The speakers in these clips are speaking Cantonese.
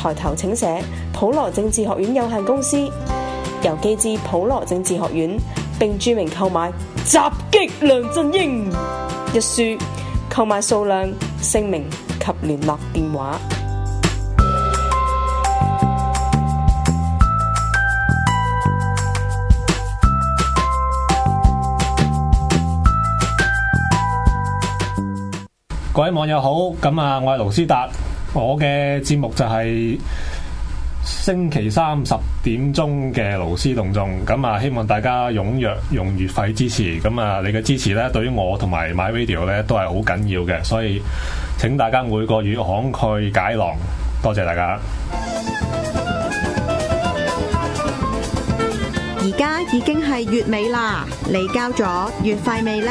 抬頭請寫普羅政治學院有限公司，郵寄至普羅政治學院，並注明購買《襲擊梁振英》一書，購買數量、姓名及聯絡電話。各位網友好，咁啊，我係盧斯達。我嘅節目就係星期三十點鐘嘅勞師動眾，咁啊希望大家踴躍用月費支持，咁啊你嘅支持呢，對於我同埋 MyRadio 呢都係好緊要嘅，所以請大家每個月慷慨解囊，多謝大家。而家已經係月尾啦，你交咗月費未呢？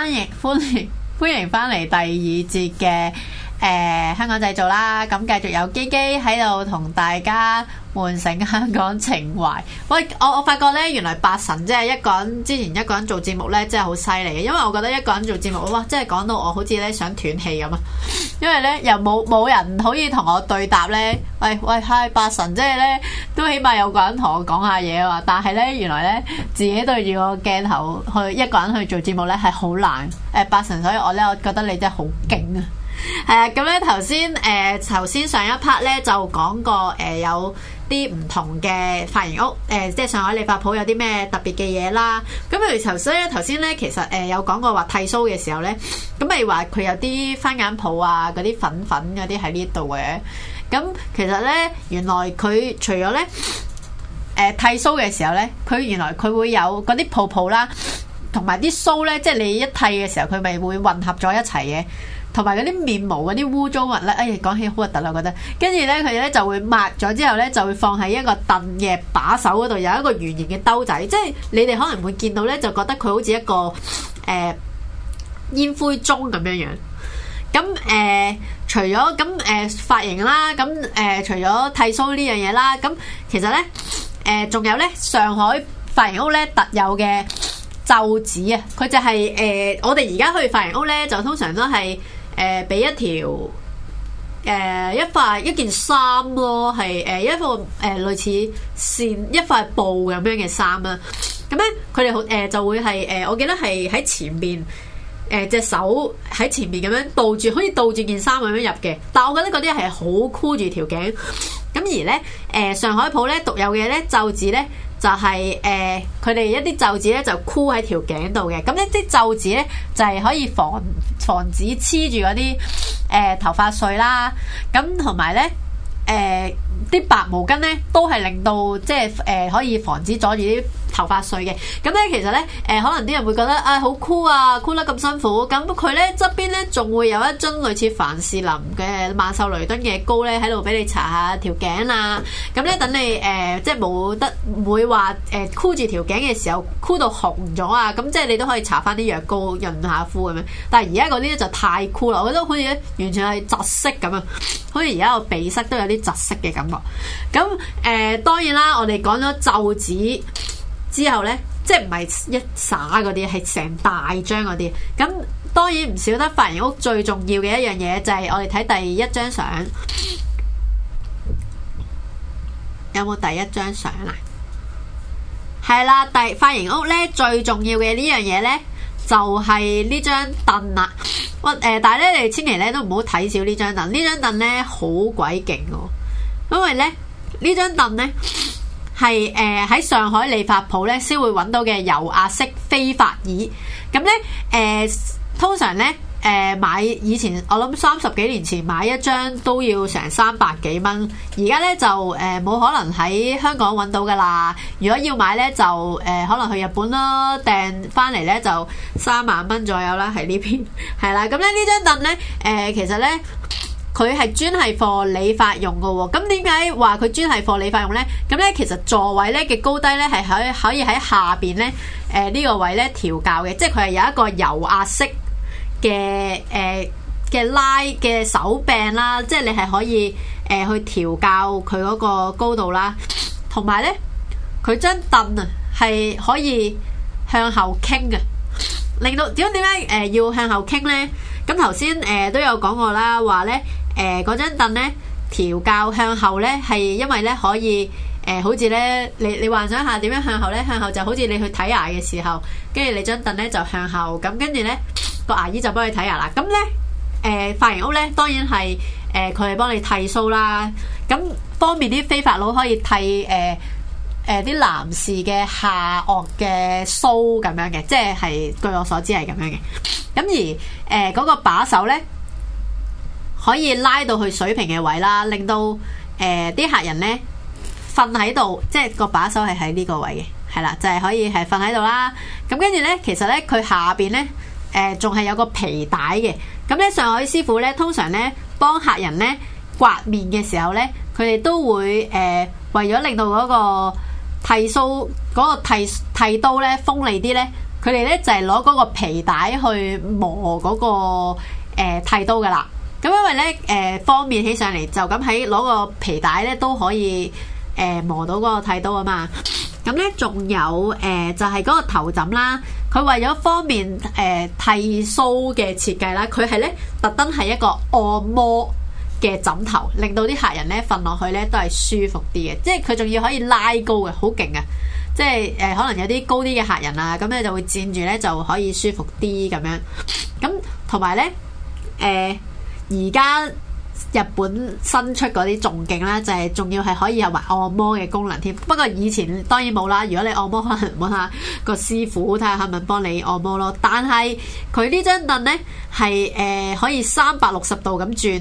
歡迎歡迎歡迎翻嚟第二節嘅誒香港製造啦，咁繼續有璣璣喺度同大家。喚醒香港情懷。喂，我我發覺咧，原來八神即係一個人，之前一個人做節目呢，真係好犀利嘅。因為我覺得一個人做節目，哇，即係講到我好似咧想斷氣咁啊！因為呢，又冇冇人可以同我對答呢。喂喂，嗨，八神，即係呢，都起碼有個人同我講下嘢啊。但係呢，原來呢，自己對住個鏡頭去一個人去做節目呢，係好難。誒、呃，八神，所以我呢，我覺得你真係好勁啊。係啊，咁呢頭先誒，頭、呃、先上一 part 咧就講過誒、呃、有。啲唔同嘅髮型屋，誒、呃，即係上海理髮鋪有啲咩特別嘅嘢啦。咁譬如頭先咧，頭先咧其實誒、呃、有講過話剃鬚嘅時候咧，咁咪話佢有啲翻眼泡啊，嗰啲粉粉嗰啲喺呢度嘅。咁其實咧，原來佢除咗咧誒剃鬚嘅時候咧，佢原來佢會有嗰啲泡泡啦、啊，同埋啲鬚咧，即係你一剃嘅時候，佢咪會混合咗一齊嘅。同埋嗰啲面毛嗰啲污糟物咧，哎呀，講起好核突啦，我覺得。跟住咧，佢咧就會抹咗之後咧，就會放喺一個凳嘅把手嗰度，有一個圓形嘅兜仔，即係你哋可能會見到咧，就覺得佢好似一個誒、呃、煙灰盅咁樣樣。咁、嗯、誒、呃，除咗咁誒髮型啦，咁、嗯、誒、呃、除咗剃鬚呢樣嘢啦，咁、嗯、其實咧誒仲有咧上海髮型屋咧特有嘅皺紙啊，佢就係、是、誒、呃、我哋而家去髮型屋咧，就通常都係。誒俾、呃、一條誒、呃、一塊一件衫咯，係誒一個誒類似線一塊布咁樣嘅衫啦。咁咧佢哋好誒就會係誒、呃、我記得係喺前邊誒、呃、隻手喺前面咁樣倒住，可以倒住件衫咁樣入嘅。但係我覺得嗰啲係好箍住條頸。咁、嗯、而咧誒、呃、上海舖咧獨有嘅咧袖子咧，就就係、是、誒，佢、呃、哋一啲袖子咧就箍喺條頸度嘅，咁、嗯、呢啲袖子咧就係、是、可以防防止黐住嗰啲誒頭髮碎啦，咁同埋咧誒啲白毛巾咧都係令到即係誒可以防止阻住啲頭髮碎嘅，咁咧其實咧，誒可能啲人會覺得啊好箍啊，箍得咁辛苦。咁佢咧側邊咧仲會有一樽類似凡士林嘅曼秀雷敦嘅膏咧，喺度俾你搽下條頸啊。咁咧等你誒，即係冇得會話誒箍住條頸嘅時候，箍到紅咗啊。咁即係你都可以搽翻啲藥膏潤下膚咁樣。但係而家嗰啲咧就太箍啦，我覺得好似完全係窒息咁樣，好似而家個鼻塞都有啲窒息嘅感覺。咁誒、呃、當然啦，我哋講咗皺紙。之後呢，即係唔係一灑嗰啲，係成大張嗰啲。咁當然唔少得。髮型屋最重要嘅一樣嘢就係、是、我哋睇第一張相，有冇第一張相啦？係啦，第髮型屋呢，最重要嘅呢樣嘢呢，就係呢張凳啦。喂，誒，但係咧，你哋千祈咧都唔好睇少呢張凳。呢張凳呢，好鬼勁嘅，因為呢，呢張凳呢。係誒喺上海理髮鋪咧，先會揾到嘅油壓式飛髮椅。咁呢，誒、呃，通常呢，誒、呃、買以前，我諗三十幾年前買一張都要成三百幾蚊。而家呢，就誒冇、呃、可能喺香港揾到㗎喇。如果要買呢，就誒、呃、可能去日本咯，訂翻嚟呢，就三萬蚊左右啦。喺呢邊係啦。咁咧呢張凳呢，誒、呃，其實呢。佢係專係做理髮用嘅喎，咁點解話佢專係做理髮用咧？咁咧其實座位咧嘅高低咧係可可以喺下邊咧，誒呢個位咧調校嘅，即係佢係有一個油壓式嘅誒嘅拉嘅手柄啦，即係你係可以誒去調校佢嗰個高度啦，同埋咧佢張凳啊係可以向後傾嘅，令到點解點解誒要向後傾咧？咁頭先誒都有講過啦，話咧。誒，嗰張凳咧調校向後咧，係因為咧可以誒、呃，好似咧你你幻想下點樣向後咧，向後就好似你去睇牙嘅時候，跟住你張凳咧就向後，咁跟住咧個牙醫就幫你睇牙啦。咁咧誒，髮、呃、型屋咧，當然係誒，佢係幫你剃鬚啦。咁、嗯、方便啲飛髮佬可以剃誒誒，啲、呃呃、男士嘅下顎嘅鬚咁樣嘅，即係據我所知係咁樣嘅。咁、嗯、而誒嗰、呃嗰個把手咧。可以拉到去水平嘅位啦，令到誒啲、呃、客人呢瞓喺度，即係個把手係喺呢個位嘅，係啦，就係、係、可以係瞓喺度啦。咁跟住呢，其實呢，佢下邊呢，誒仲係有個皮帶嘅。咁、嗯、呢，上海師傅呢通常呢幫客人呢刮面嘅時候呢，佢哋都會誒、呃、為咗令到嗰個剃鬚嗰、嗰個剃剃刀呢鋒利啲呢，佢哋呢就係攞嗰個皮帶去磨嗰、嗰個誒、呃、剃刀噶啦。咁，因為咧，誒、呃、方便起上嚟，就咁喺攞個皮帶咧都可以誒、呃、磨到嗰個剃刀啊嘛。咁、嗯、咧，仲有誒、呃、就係、是、嗰個頭枕啦。佢為咗方便誒、呃、剃鬚嘅設計啦，佢係咧特登係一個按摩嘅枕頭，令到啲客人咧瞓落去咧都係舒服啲嘅。即係佢仲要可以拉高嘅，好勁啊！即係誒、呃，可能有啲高啲嘅客人啊，咁咧就會占住咧就可以舒服啲咁樣。咁同埋咧，誒。呃呃而家日本新出嗰啲仲勁啦，就係仲要係可以有埋按摩嘅功能添。不過以前當然冇啦，如果你按摩，可能揾下個師傅睇下係咪幫你按摩咯。但係佢呢張凳呢，係誒、呃、可以三百六十度咁轉，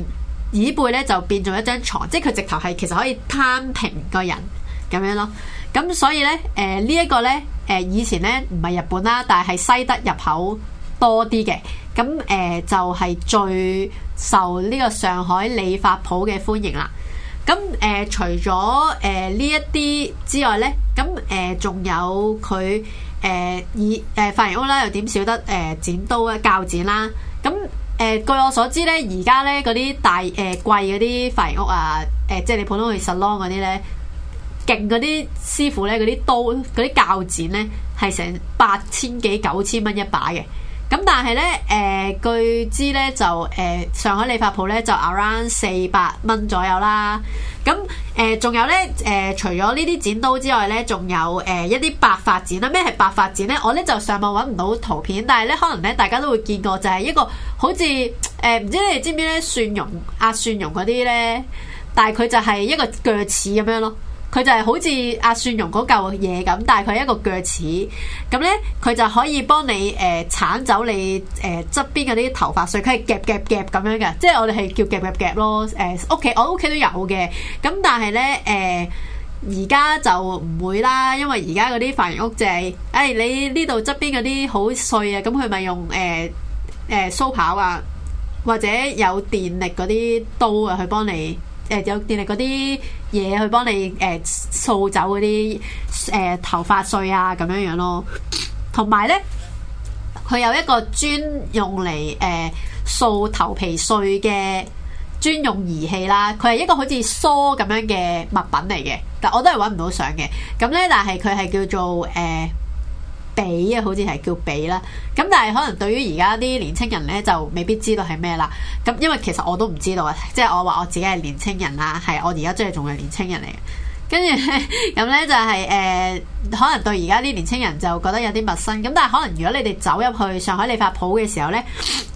椅背呢就變做一張床，即係佢直頭係其實可以攤平個人咁樣咯。咁所以呢，誒呢一個呢，誒、呃、以前呢唔係日本啦，但係係西德入口多啲嘅。咁誒、嗯、就係、是、最受呢個上海理髮鋪嘅歡迎啦。咁、嗯、誒、呃、除咗誒呢一啲之外咧，咁誒仲有佢誒、呃、以誒髮型屋啦，又點少得誒、呃、剪刀咧、鉸剪啦。咁、啊、誒、呃、據我所知咧，而家咧嗰啲大誒、呃、貴嗰啲髮型屋啊，誒、呃、即係你普通去 salon 嗰啲咧，勁嗰啲師傅咧，嗰啲刀嗰啲鉸剪咧係成八千幾九千蚊一把嘅。咁、嗯、但係咧，誒、呃、據知咧就誒、呃、上海理髮舖咧就 around 四百蚊左右啦。咁誒仲有咧誒、呃、除咗呢啲剪刀之外咧，仲有誒、呃、一啲白髮剪啦。咩係白髮剪咧？我咧就上網揾唔到圖片，但係咧可能咧大家都會見過，就係一個好似誒唔知你哋知唔知咧蒜蓉壓、啊、蒜蓉嗰啲咧，但係佢就係一個鋸齒咁樣咯。佢就係好似阿、啊、蒜蓉嗰嚿嘢咁，但係佢係一個鋸齒咁呢，佢就可以幫你誒、呃、剷走你誒側、呃、邊嗰啲頭髮碎，佢係夾夾夾咁樣嘅，即係我哋係叫夾夾夾咯，誒屋企我屋企都有嘅，咁但係呢，誒而家就唔會啦，因為而家嗰啲髮型屋就係誒你呢度側邊嗰啲好碎是是、呃呃、啊，咁佢咪用誒誒梳刨啊或者有電力嗰啲刀啊去幫你。誒有電力嗰啲嘢去幫你誒、呃、掃走嗰啲誒頭髮碎啊，咁樣樣咯，同埋咧佢有一個專用嚟誒、呃、掃頭皮碎嘅專用儀器啦，佢係一個好似梳咁樣嘅物品嚟嘅，但我都係揾唔到相嘅。咁咧，但係佢係叫做誒。呃俾啊，好似係叫俾啦。咁但係可能對於而家啲年青人咧，就未必知道係咩啦。咁因為其實我都唔知道啊。即係我話我自己係年青人啦，係我而家即係仲係年青人嚟嘅。跟住咁咧就係誒，可能對而家啲年青人就覺得有啲陌生。咁但係可能如果你哋走入去上海理髮鋪嘅時候咧，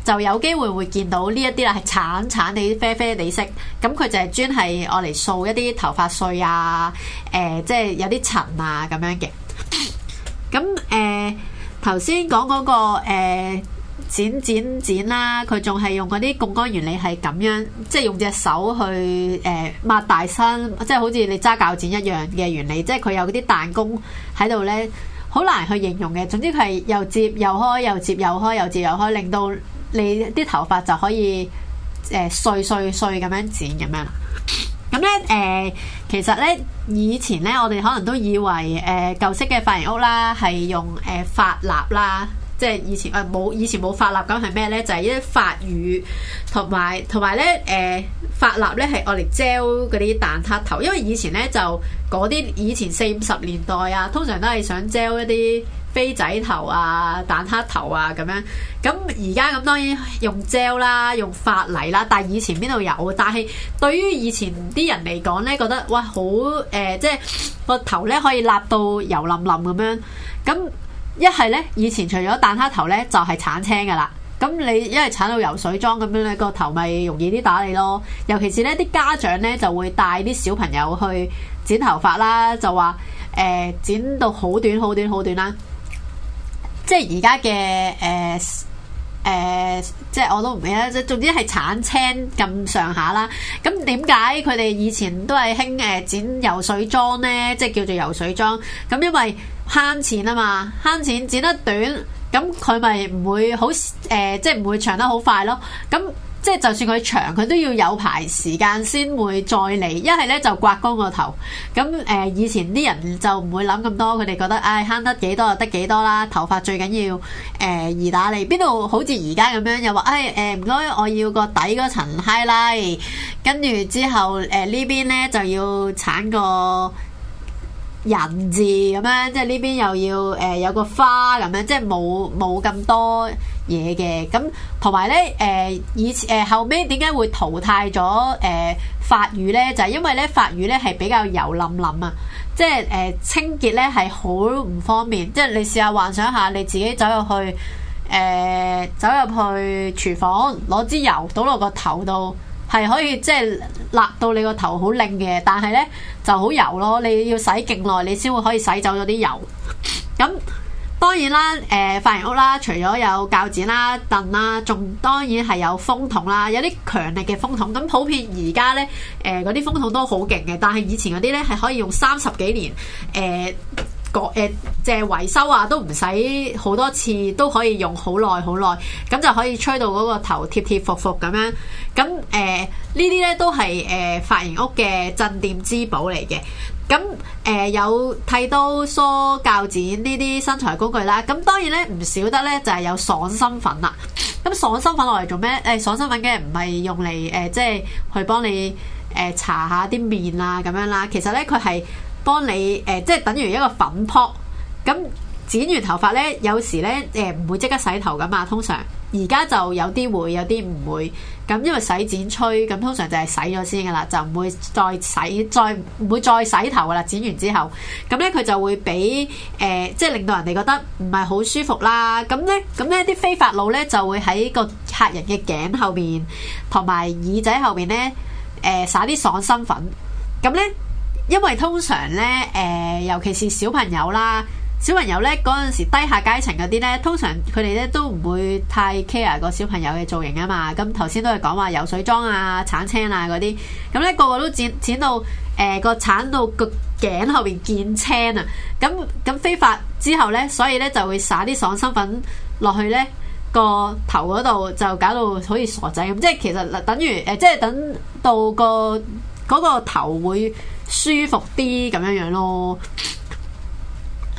就有機會會見到呢一啲啦，係橙橙哋啡啡哋色。咁佢就係專係我嚟掃一啲頭髮碎啊，誒，即係有啲塵啊咁樣嘅。咁誒頭先講嗰個、呃、剪剪剪啦，佢仲係用嗰啲槓桿原理係咁樣，即係用隻手去誒、呃、抹大身，即係好似你揸鉸剪一樣嘅原理。即係佢有嗰啲彈弓喺度咧，好難去形容嘅。總之佢係又，又，又接又開，又接又開，又接又開，令到你啲頭髮就可以誒、呃、碎碎碎咁樣剪咁樣。咁咧，誒、呃，其實咧，以前咧，我哋可能都以為，誒、呃，舊式嘅髮型屋啦，係用誒髮蠟啦，即係以前誒冇、呃、以前冇髮蠟咁係咩咧？就係、是、一啲髮乳同埋同埋咧，誒髮蠟咧係我嚟 gel 嗰啲蛋撻頭，因為以前咧就嗰啲以前四五十年代啊，通常都係想 gel 一啲。飛仔頭啊、蛋黑頭啊咁樣，咁而家咁當然用 gel 啦、用髮泥啦，但係以前邊度有？但係對於以前啲人嚟講呢，覺得哇好誒、呃，即係個頭呢可以立到油淋淋咁樣。咁一係呢，以前除咗蛋黑頭呢，就係、是、鏟青噶啦。咁你因為鏟到油水妝咁樣呢，個頭咪容易啲打理咯。尤其是呢啲家長呢，就會帶啲小朋友去剪頭髮啦，就話誒、呃、剪到好短、好短、好短啦。即係而家嘅誒誒，即係我都唔記得，即係總之係鏟青咁上下啦。咁點解佢哋以前都係興誒剪游水裝咧？即係叫做游水裝。咁因為慳錢啊嘛，慳錢剪得短，咁佢咪唔會好誒、呃，即係唔會長得好快咯。咁。即係就算佢長，佢都要有排時間先會再嚟。一係咧就刮光個頭。咁誒、呃、以前啲人就唔會諗咁多，佢哋覺得唉，慳、哎、得幾多就得幾多啦。頭髮最緊要誒易打理。邊、呃、度好似而家咁樣又話誒誒唔該我要個底嗰層 highlight 跟住之後誒、呃、呢邊咧就要鏟個。人字咁樣，即係呢邊又要誒、呃、有個花咁樣，即係冇冇咁多嘢嘅。咁同埋呢，誒、呃，以前誒、呃呃、後尾點解會淘汰咗誒髮乳呢？就係、是、因為呢髮乳呢係比較油淋淋啊，即係誒、呃、清潔呢係好唔方便。即係你試下幻想下，你自己走入去誒、呃、走入去廚房攞支油倒落個頭度。係可以即係立到你個頭好擰嘅，但係呢就好油咯。你要洗勁耐，你先會可以洗走咗啲油。咁、嗯、當然啦，誒髮型屋啦，除咗有鉸剪啦、凳啦，仲當然係有風筒啦。有啲強力嘅風筒，咁普遍而家呢，誒嗰啲風筒都好勁嘅。但係以前嗰啲呢，係可以用三十幾年，誒、呃。各、呃、即係維修啊，都唔使好多次都可以用好耐好耐，咁就可以吹到嗰個頭貼貼服服咁樣。咁誒、呃、呢啲咧都係誒髮型屋嘅鎮店之寶嚟嘅。咁誒、呃、有剃刀、梳、鉸剪呢啲身材工具啦。咁當然咧唔少得咧就係、是、有爽身粉啦。咁爽身粉落嚟做咩？誒、欸、爽身粉嘅唔係用嚟誒、呃，即係去幫你誒搽、呃、下啲面啊咁樣啦。其實咧佢係。幫你誒、呃，即係等於一個粉撲。咁剪完頭髮咧，有時咧誒唔會即刻洗頭噶嘛。通常而家就有啲會，有啲唔會。咁因為洗剪吹，咁通常就係洗咗先噶啦，就唔會再洗，再唔會再洗頭噶啦。剪完之後，咁咧佢就會俾誒、呃，即係令到人哋覺得唔係好舒服啦。咁咧，咁咧啲飛髮佬咧就會喺個客人嘅頸後邊同埋耳仔後邊咧誒灑啲爽身粉。咁咧。因為通常咧，誒、呃，尤其是小朋友啦，小朋友咧嗰陣時低下階層嗰啲咧，通常佢哋咧都唔會太 care 個小朋友嘅造型啊嘛。咁頭先都係講話游水裝啊、鏟青啊嗰啲，咁、那、咧個個都剪，剪到誒、呃、個鏟到個頸後邊見青啊。咁咁飛髮之後咧，所以咧就會撒啲爽身粉落去咧個頭嗰度，就搞到好似傻仔咁。即係其實等於誒、呃，即係等到、個嗰、個頭會。舒服啲咁樣樣咯，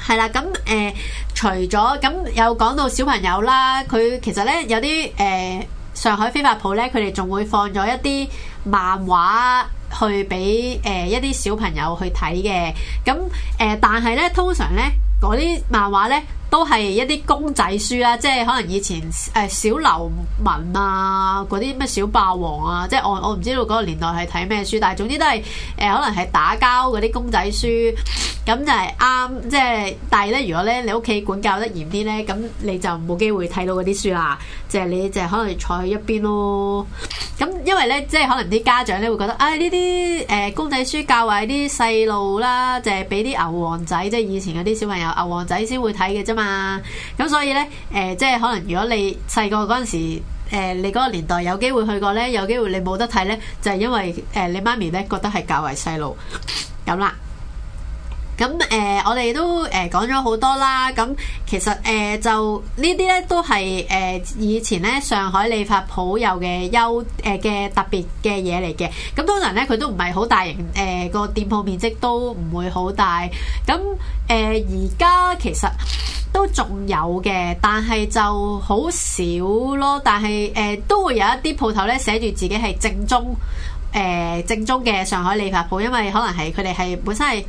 係啦，咁、嗯、誒，除咗咁，有、嗯、講到小朋友啦，佢其實呢，有啲誒、嗯，上海飛發鋪呢，佢哋仲會放咗一啲漫畫去俾誒、嗯、一啲小朋友去睇嘅，咁、嗯、誒、嗯，但係呢，通常呢，嗰啲漫畫呢。都係一啲公仔書啦，即係可能以前誒、呃、小流氓啊，嗰啲咩小霸王啊，即係我我唔知道嗰個年代係睇咩書，但係總之都係誒、呃、可能係打交嗰啲公仔書，咁就係啱。即係但係咧，如果咧你屋企管教得嚴啲咧，咁你就冇機會睇到嗰啲書啦，即係你就係可能坐喺一邊咯。咁因為咧，即係可能啲家長咧會覺得，唉，呢啲誒公仔書教壞啲細路啦，就係俾啲牛王仔，即係以前嗰啲小朋友牛王仔先會睇嘅啫嘛。啊！咁所以呢，誒、呃，即係可能如果你細個嗰陣時、呃，你嗰個年代有機會去過呢？有機會你冇得睇呢？就係、是、因為誒、呃、你媽咪呢覺得係教壞細路，咁啦。咁誒、嗯呃，我哋都誒、呃、講咗好多啦。咁、嗯、其實誒、呃、就呢啲咧，都係誒、呃、以前咧上海理髮鋪有嘅優誒嘅、呃、特別嘅嘢嚟嘅。咁當然咧，佢都唔係好大型誒個、呃、店鋪面積都唔會好大。咁誒而家其實都仲有嘅，但係就好少咯。但係誒、呃、都會有一啲鋪頭咧寫住自己係正宗誒、呃、正宗嘅上海理髮鋪，因為可能係佢哋係本身係。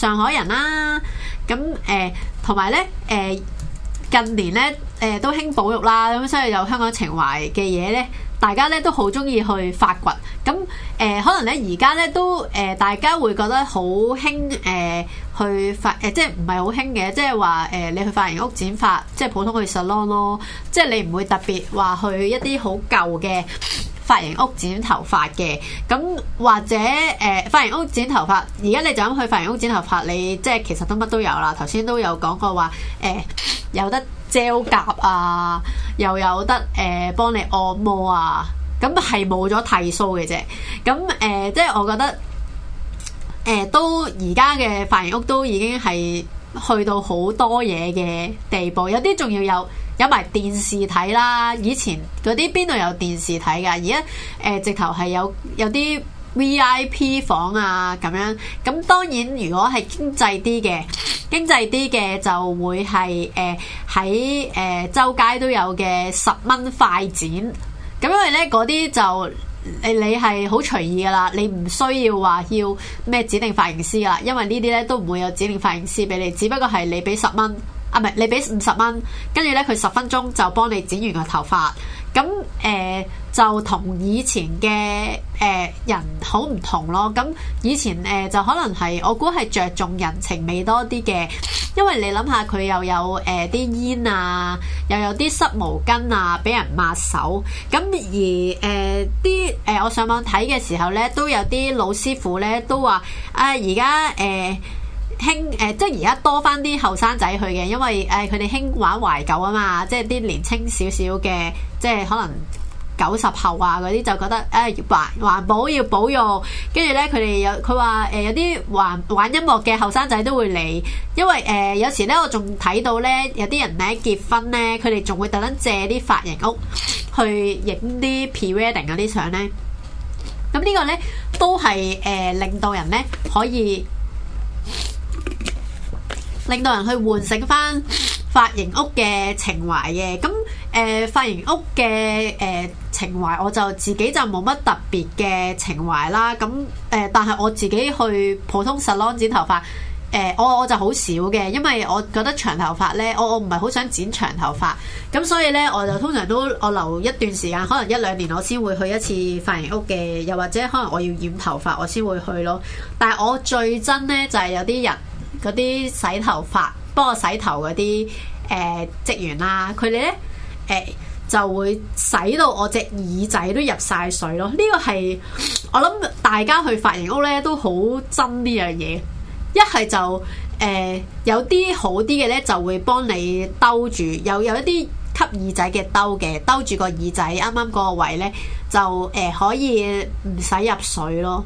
上海人啦、啊，咁誒同埋咧誒近年咧誒、呃、都興保育啦，咁所以有香港情懷嘅嘢咧，大家咧都好中意去發掘。咁誒、呃、可能咧而家咧都誒、呃、大家會覺得好興誒去發誒、呃，即係唔係好興嘅，即係話誒你去髮型屋剪髮，即係普通去 salon 咯，即係你唔會特別話去一啲好舊嘅。髮型屋剪頭髮嘅，咁或者誒髮、呃、型屋剪頭髮，而家你就咁去髮型屋剪頭髮，你即係其實都乜都有啦。頭先都有講過話，誒、呃、有得遮夾啊，又有得誒幫、呃、你按摩啊，咁係冇咗剃鬚嘅啫。咁誒、呃，即係我覺得，誒、呃、都而家嘅髮型屋都已經係去到好多嘢嘅地步，有啲仲要有。有埋電視睇啦，以前嗰啲邊度有電視睇㗎？而家誒直頭係有有啲 VIP 房啊咁樣。咁當然如果係經濟啲嘅，經濟啲嘅就會係誒喺誒周街都有嘅十蚊快剪。咁因為咧嗰啲就你你係好隨意噶啦，你唔需要話要咩指定髮型師喇，因為呢啲咧都唔會有指定髮型師俾你，只不過係你俾十蚊。啊，唔係你俾五十蚊，跟住咧佢十分鐘就幫你剪完個頭髮，咁誒、呃、就同以前嘅誒、呃、人好唔同咯。咁以前誒、呃、就可能係我估係着重人情味多啲嘅，因為你諗下佢又有誒啲、呃、煙啊，又有啲濕毛巾啊，俾人抹手。咁而誒啲誒我上網睇嘅時候咧，都有啲老師傅咧都話啊，而家誒。興誒、呃，即係而家多翻啲後生仔去嘅，因為誒佢哋興玩懷舊啊嘛，即係啲年輕少少嘅，即係可能九十後啊嗰啲，就覺得誒環、呃、環保要保育。跟住咧佢哋有佢話誒有啲玩玩音樂嘅後生仔都會嚟，因為誒、呃、有時咧我仲睇到咧有啲人咧結婚咧，佢哋仲會特登借啲髮型屋去影啲 pre wedding 嗰啲相咧。咁呢個咧都係誒、呃、令到人咧可以。令到人去喚醒翻髮型屋嘅情懷嘅，咁誒、呃、髮型屋嘅誒、呃、情懷，我就自己就冇乜特別嘅情懷啦。咁誒、呃，但係我自己去普通 salon 剪頭髮，誒、呃、我我就好少嘅，因為我覺得長頭髮呢，我我唔係好想剪長頭髮，咁所以呢，我就通常都我留一段時間，可能一兩年我先會去一次髮型屋嘅，又或者可能我要染頭髮我先會去咯。但係我最憎呢，就係有啲人。嗰啲洗頭髮幫我洗頭嗰啲誒職員啦、啊，佢哋咧誒就會洗到我隻耳仔都入晒水咯。呢、呢個係我諗大家去髮型屋咧都、呃、好憎呢樣嘢。一係就誒有啲好啲嘅咧就會幫你兜住，有有一啲吸耳仔嘅兜嘅，兜住個耳仔，啱啱嗰個位咧就誒、呃、可以唔使入水咯。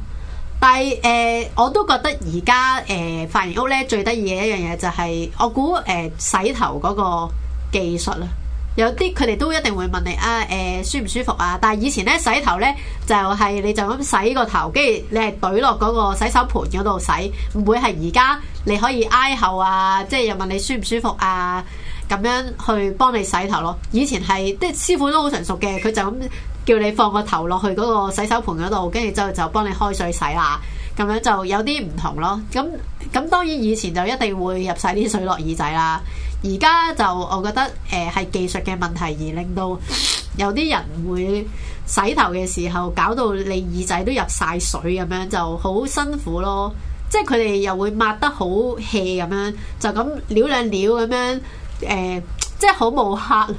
但係誒、呃，我都覺得而家誒髮型屋咧最得意嘅一樣嘢就係、是，我估誒、呃、洗頭嗰個技術啦。有啲佢哋都一定會問你啊誒、呃、舒唔舒服啊。但係以前咧洗頭咧就係、是、你就咁洗個頭，跟住你係對落嗰個洗手盆嗰度洗，唔會係而家你可以挨後啊，即係又問你舒唔舒服啊，咁樣去幫你洗頭咯。以前係即係師傅都好成熟嘅，佢就咁。叫你放個頭落去嗰個洗手盆嗰度，跟住就就幫你開水洗啦，咁樣就有啲唔同咯。咁咁當然以前就一定會入晒啲水落耳仔啦，而家就我覺得誒係、呃、技術嘅問題而令到有啲人會洗頭嘅時候搞到你耳仔都入晒水，咁樣就好辛苦咯。即係佢哋又會抹得好 hea 咁樣，就咁撩兩撩咁樣，誒、呃，即係好冇核。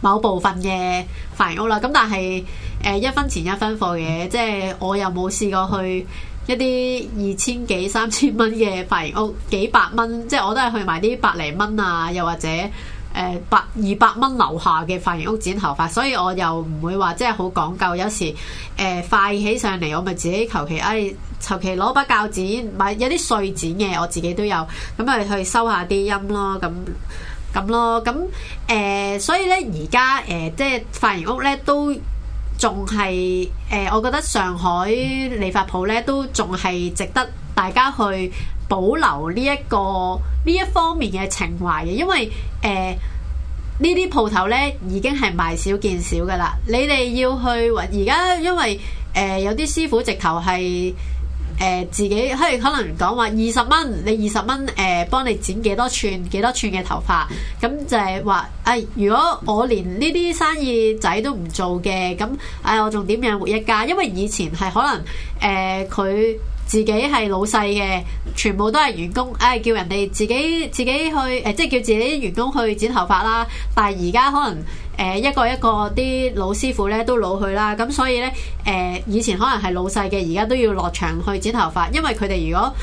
某部分嘅髮型屋啦，咁但係誒、呃、一分錢一分貨嘅，即係我又冇試過去一啲二千幾三千蚊嘅髮型屋，幾百蚊，即係我都係去埋啲百零蚊啊，又或者誒百二百蚊樓下嘅髮型屋剪頭髮，所以我又唔會話即係好講究，有時誒快起上嚟，我咪自己求其誒求其攞把鉸剪，買有啲碎剪嘅，我自己都有，咁咪去收一下啲音咯，咁。咁咯，咁誒、呃，所以咧而家誒，即係髮型屋咧都仲係誒，我覺得上海理髮鋪咧都仲係值得大家去保留呢、這、一個呢一方面嘅情懷嘅，因為誒、呃、呢啲鋪頭咧已經係賣少見少㗎喇，你哋要去而家，因為誒、呃、有啲師傅直頭係。誒、呃、自己，嘿，可能講話二十蚊，你二十蚊誒幫你剪幾多寸幾多寸嘅頭髮，咁就係話誒。如果我連呢啲生意仔都唔做嘅，咁誒、呃、我仲點樣活一家？因為以前係可能誒佢、呃、自己係老細嘅，全部都係員工，誒、呃、叫人哋自己自己去誒，即、呃、係叫自己員工去剪頭髮啦。但係而家可能。誒一個一個啲老師傅咧都老去啦，咁所以咧誒、呃、以前可能係老細嘅，而家都要落場去剪頭髮，因為佢哋如果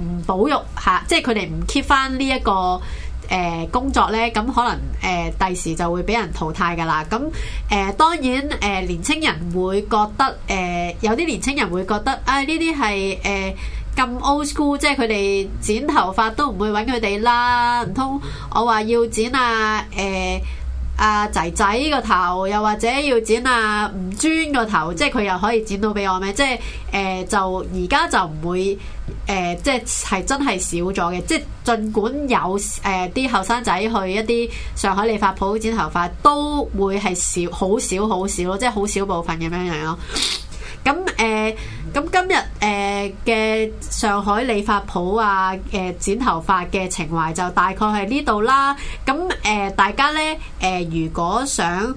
唔保育嚇、啊，即係佢哋唔 keep 翻呢一個誒、呃、工作咧，咁可能誒第時就會俾人淘汰㗎啦。咁誒、呃、當然誒、呃、年青人會覺得誒、呃、有啲年青人會覺得啊呢啲係誒咁 old school，即係佢哋剪頭髮都唔會揾佢哋啦，唔通我話要剪啊誒？呃阿仔仔個頭，又或者要剪阿、啊、吳尊個頭，即係佢又可以剪到俾我咩？即係誒、呃，就而家就唔會誒、呃，即係係真係少咗嘅。即係儘管有誒啲後生仔去一啲上海理髮鋪剪頭髮，都會係少好少好少咯，即係好少部分咁樣樣咯。咁誒。呃咁今日誒嘅、呃、上海理髮舖啊，誒、呃、剪頭髮嘅情懷就大概係呢度啦。咁、呃、誒大家咧誒、呃，如果想誒、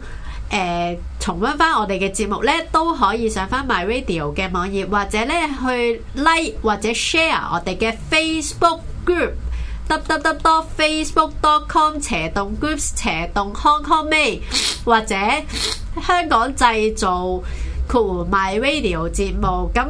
呃、重溫翻我哋嘅節目咧，都可以上翻 my radio 嘅網頁，或者咧去 like 或者 share 我哋嘅 Facebook group www.facebook.com/ 斜洞 groups 斜洞 HongKongMay 或者香港製造。括弧 My Radio 節目，咁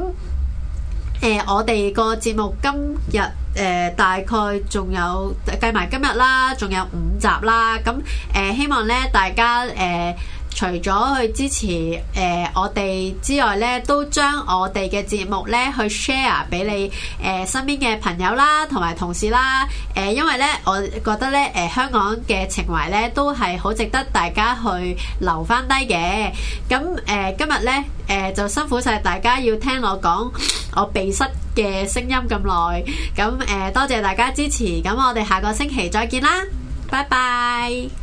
誒我哋個節目今日誒大概仲有計埋今日啦，仲有五集啦，咁誒希望咧大家誒。除咗去支持誒、呃、我哋之外呢，都將我哋嘅節目呢去 share 俾你誒、呃、身邊嘅朋友啦，同埋同事啦。誒、呃，因為呢，我覺得呢誒、呃、香港嘅情懷呢都係好值得大家去留翻低嘅。咁誒、呃，今日呢，誒、呃、就辛苦晒大家要聽我講我鼻塞嘅聲音咁耐。咁誒、呃，多謝大家支持。咁我哋下個星期再見啦，拜拜。